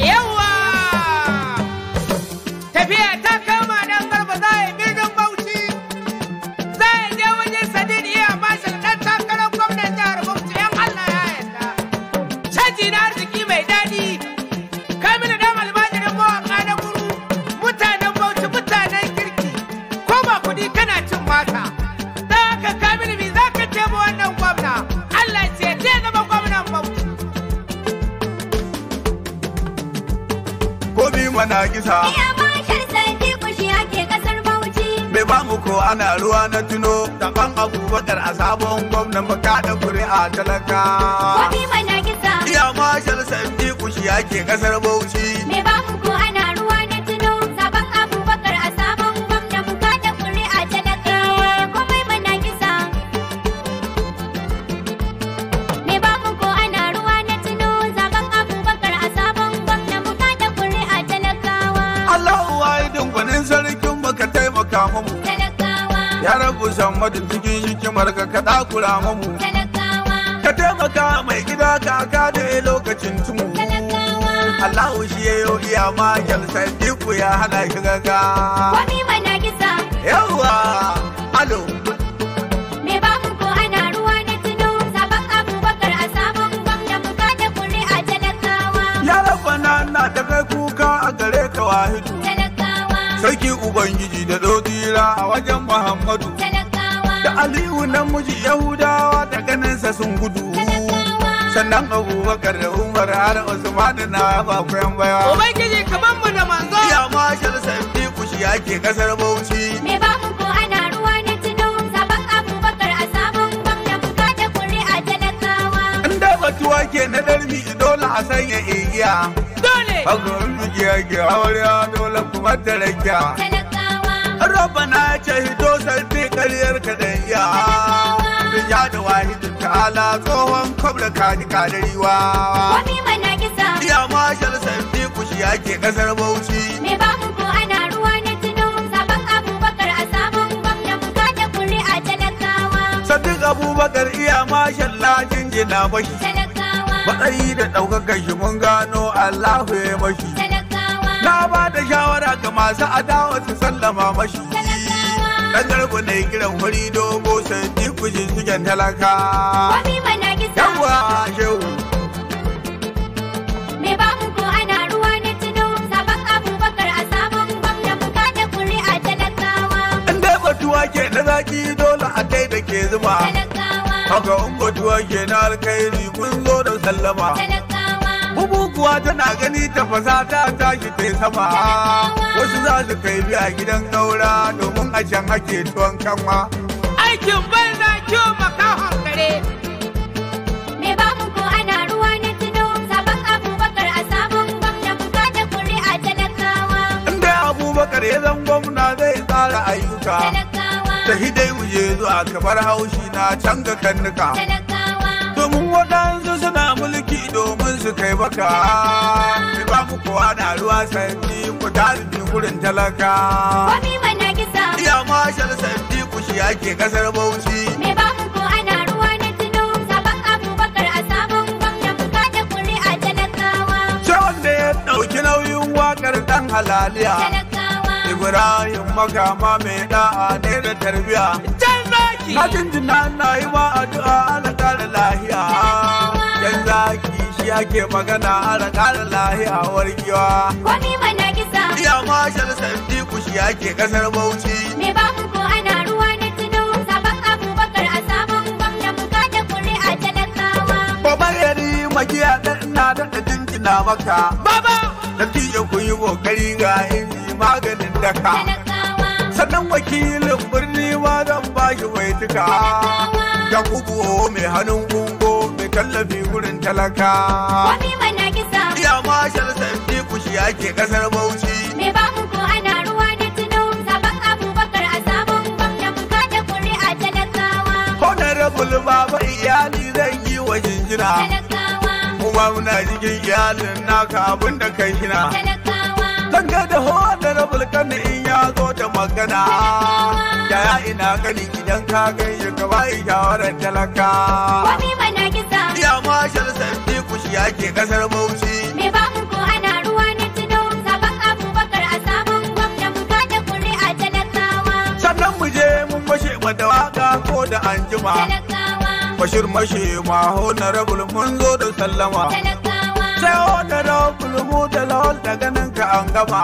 Ew! na gisa iya shan sai kushi ake kasar bauchi bai ba mu ko ana ruwa na tuno ban abubakar a sabon gwamnan baka da kuri'a talaka kwafi mai mana gisa iya shan sai kushi ake kasar bauchi bai ba mu mamu ya rabu shammadu cikin hikimar ka ka takura mamu ka taimaka mai gida kaka da lokacin tumu Allahu shi ya yo iya magal sadiku ya hana ki gaga wani na kisa yawa alo me ba mu ko ana ruwa na tuno zaban abubakar a sabon gwamna buka da a talakawa ya rabana na ta kuka a gare ka wahidu talakawa sarki ubangiji da do a wajen Muhammadu. Da Aliyu namiji Yahudawa da sa sun gudu. Sannan Abubakar da Umar har Usman na bakuyan baiwa. Ubangiji kaman mu da manzo. Ya mashal sabbi kushi ake kasar Bauchi. Me ba mu ko ana ruwa na tunun zaban Abubakar a sabon gwamna buka da a talakawa. In da batuwa ke na darmi dole a sanya igiya. Dole. Hakan ke ake aure dole kuma ta rakiya. don roba na ce hito sarfi ƙaryar kaɗan ya ya da wahidin ta'ala tsohon kwabla kani kadari wa wani mana kisa ya mashal sarfi kushi ake ƙasar bauchi me babu mu ko ana ruwa na tunan zaben abubakar a sabon gwamna buka da kuri'a talakawa sadiq abubakar iya mashal lajin gina mashi talakawa matsayi da ɗaukakar shi mun gano allahu ya mashi na ba da shawara ga masu adawa su sallama mashi dan garba ne kiran hori dogo sai ji kuji shigen talaka yawa shehu me ba ko ana ruwa na a sabon talakawa ke dole a da zuma haka in batuwa ke na alkhairi kun zo da sallama Bubu tana gani ta fasa ta tashi ta sama. Wasu za su kai biya gidan gaura domin a can ake tuwon kanwa. Aikin bai na kyau makahon kare. Me babu ko ana ruwa na tuno sabon abubakar a sabon gwamna buka da kuri'a talakawa. Inda abubakar ya zan gwamna zai tsara ayyuka. Talakawa. Ta hidai wuye zuwa kamar haushi na can ga domin waɗansu suna mulki domin su kai baka ki ba mu kowa na ruwa sandi ku tarihi gurin talaka wani mana kisa iya mashal santi ku shi ake kasar bauchi me ba mu ko ana ruwa na tuno sabon abubakar a sabon gwamna da kuri a talakawa ce wanda ya ɗauki nauyin wakar ɗan halaliya Ibrahim makama mai da'a ne da tarbiya. Jan zaki! Na jinjina na yi wa addu'a Allah, ta lahiya. ake magana ana ƙara lahiya warkewa. Komi mana kisa. Iya mashal sandi kushi ake kasar Bauchi. Me ba ku ko ana ruwa na tuno sabon Abubakar a sabon gwamna muka da a talakawa. Babar yari magiya ɗan na daɗa dinkina maka. Baba! Natija kun yi kokari ga inji maganin daka. Sannan wakilin birni ma zan ba shi waituka. Da kubo mai hannun gungo kai tallafi gurin talaka. Wani mana kisa. Iya mashal sabbi ku shi ake kasar Bauchi. Me ba mu ko ana ruwa da tunau zaben Abubakar a sabon ka mu kuri a talakawa. Honorable baba iyali zan yi wa jinjina. Talakawa. Kuma muna cikin iyalin naka abin da kai gina. Talakawa. Zan ga da honorable kan in ya zo da magana. Talakawa. yaya ina gani idan ka gan shi ka ba shawarar talaka. Wani mana kisa mashal sandi kushi yake kasar bauchi me ba mu ko ana ruwa na tuno zaben abubakar a sabon gwamna mu kuri a talakawa sannan mu je mun mashe mata waka ko da anjima bashir mashe ma honorable mun zo da sallama sai honorable mu da lawal da ganin ka an gama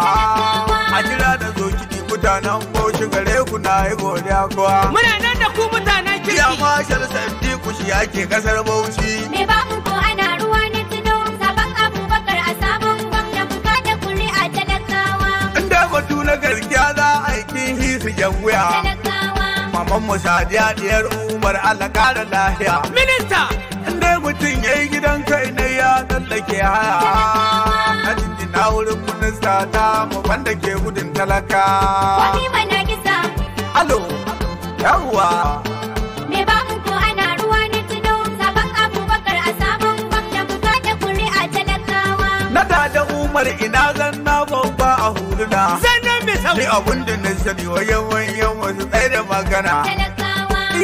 a jira da zo kiɗi mutanen bauchi gare ku na yi godiya kuwa muna nan da ku mutanen Kiya mashal sandi shi yake kasar Bauchi. Me ba ko ana ruwa na tuno zaben Abubakar a sabon gwamna buka da a talakawa. Inda batu na gaskiya za a yi kin hisu jan wuya. Maman mu Sadiya diyar Umar Allah kara lahiya. Minista. Inda mutum ya yi gidan kai na ya tsallake haya. Na jinjina wurin minista ta mu banda ke gudun talaka. Wani mana gisa. Alo. Yawwa. kamar ina zan na babba a huluna sannan mai sauri abun da na sani wa yawan yawan su tsaye da magana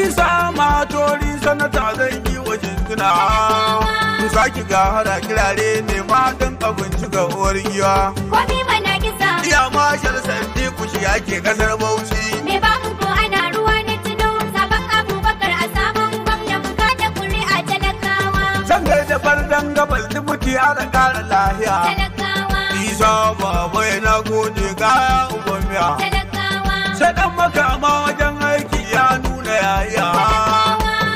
isa ma tori sanata zan yi wa jintuna ku ga hada kirare ne ma dan abinci ga uwar giwa ko ni mana kisa iya ma shar sandi ku shi kasar bauchi kaya uban miya. Sai dan makama wajen aiki ya nuna yaya.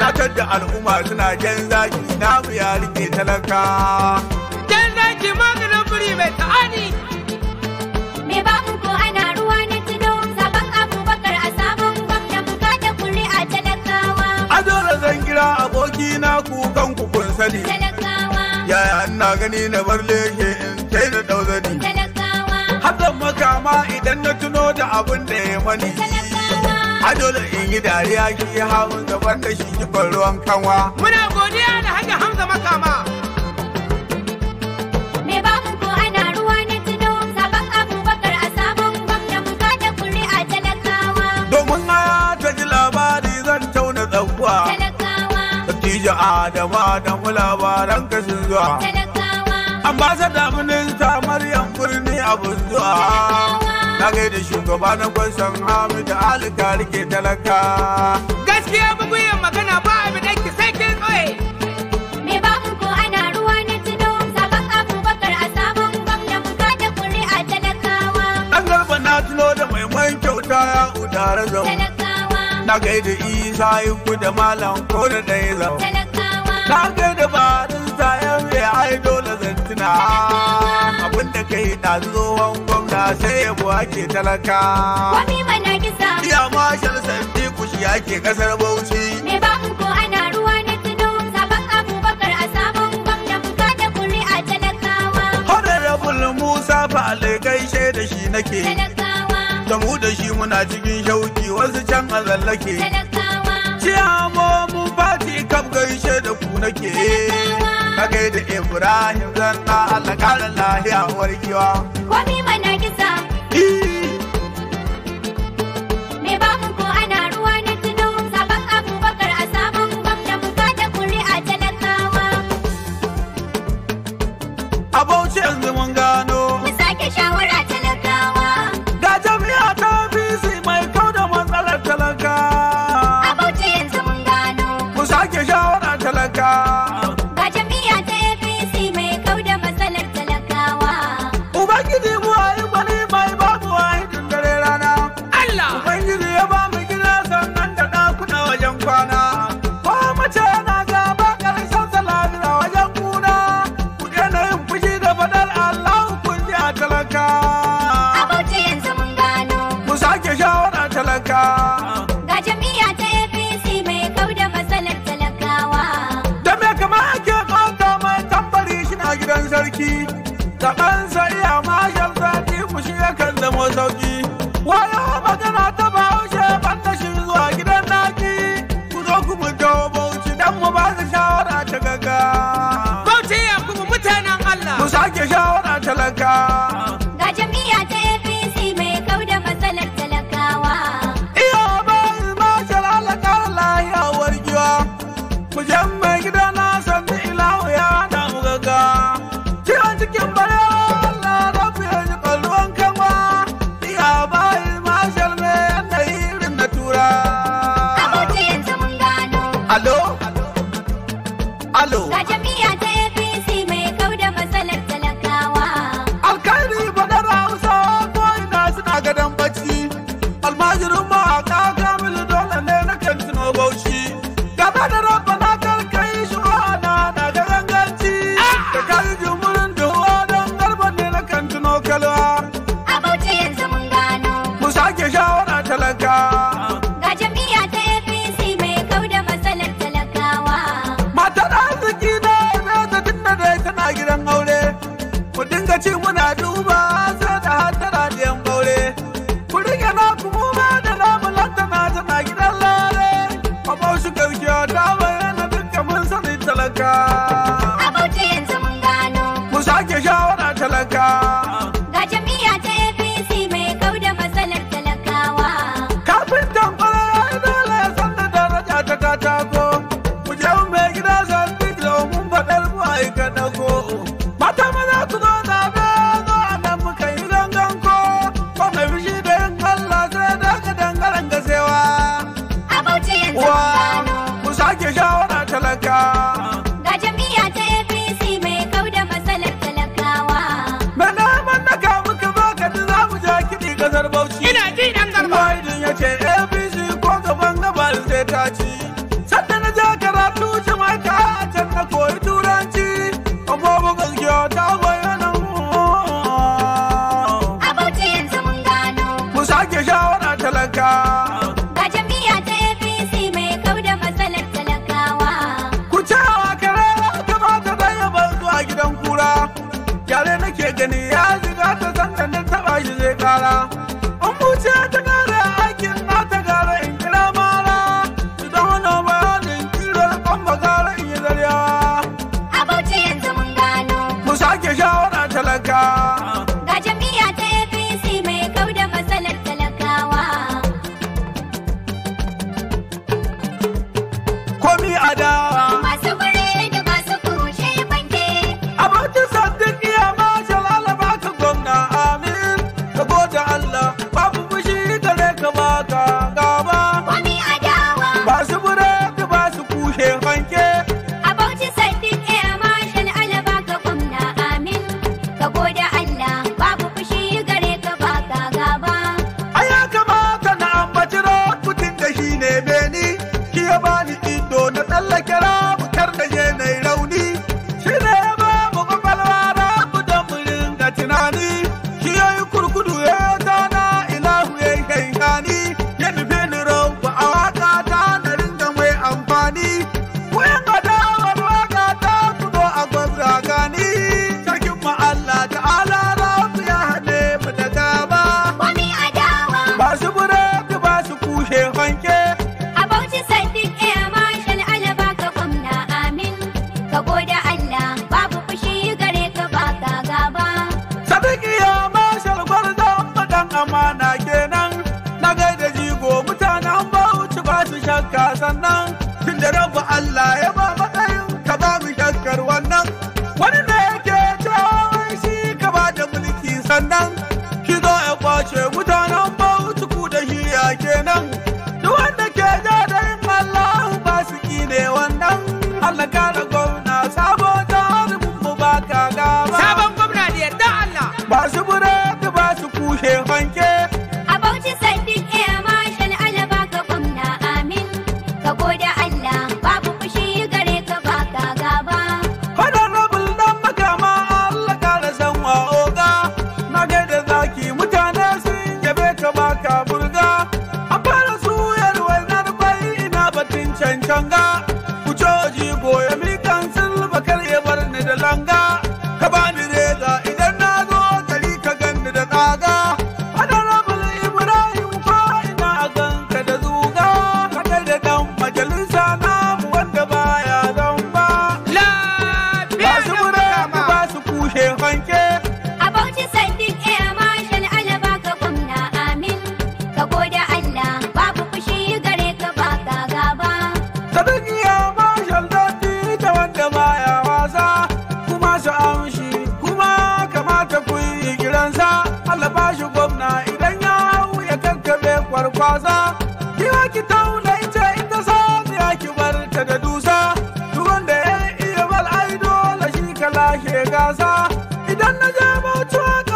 Na tadda al'umma suna jan zaki na mu ya rike talaka. Jan zaki maganin buri mai ta'ani. Me ba ku ko ana ruwa na tuno zaben abubakar a sabon gwamna bukata a talakawa. Azora zan kira aboki na ku kan ku kun sani. Talakawa. Yaya ina gani na bar leke ji abin da ya mani a dole in yi dariya ki yi hawan gabar da shi ki ruwan kanwa muna godiya da haka hamza makama Khadija Adama da mu labaran kashin zuwa. Talakawa. Ambasada ta Maryam Birni abin zuwa. na gaida shugabanin na kwansan hamida alika rike talaka gaskiya buguyan magana ba abin da ki sai kin tsoye me ba ko ana ruwa na tuno sabon abubakar a sabon gwamna ka da a talakawa an garba na tuno da maimakon kyauta ya udara zau na gaida isa inku da malam ko da ɗaya zau na gaida ba ta yan ya ai dole tuna abin da kai da tsohon gwamna sai yabo ake talaka wani mana kisa iya mashal sandi kushi ake kasar bauchi me ba ko ana ruwa na tuno sabon abubakar a sabon gwamna buka da a talakawa honorable musa fa alƙai da shi nake talakawa da mu da shi muna cikin shauki wasu can a Talakawa. Ibrahim na Allah ƙara lahiya warkewa. Komi mana kisa Stop. Can I get Tunda rabu Allah ya ba matsayin ka ba mu shakkar wannan wani da yake cewa shi ka ba da mulki sannan shi zo ya kwace mutanen bautuku da shi kenan duk wanda ke ja da yin Allah ba su ki ne wannan Allah ka da gwamna sabo mu ba ka gaba sabon gwamna da yarda Allah ba su bure ba su kushe hanke a bauchi sadiq eh mashin alaba ka gwamna amin ka longer fuck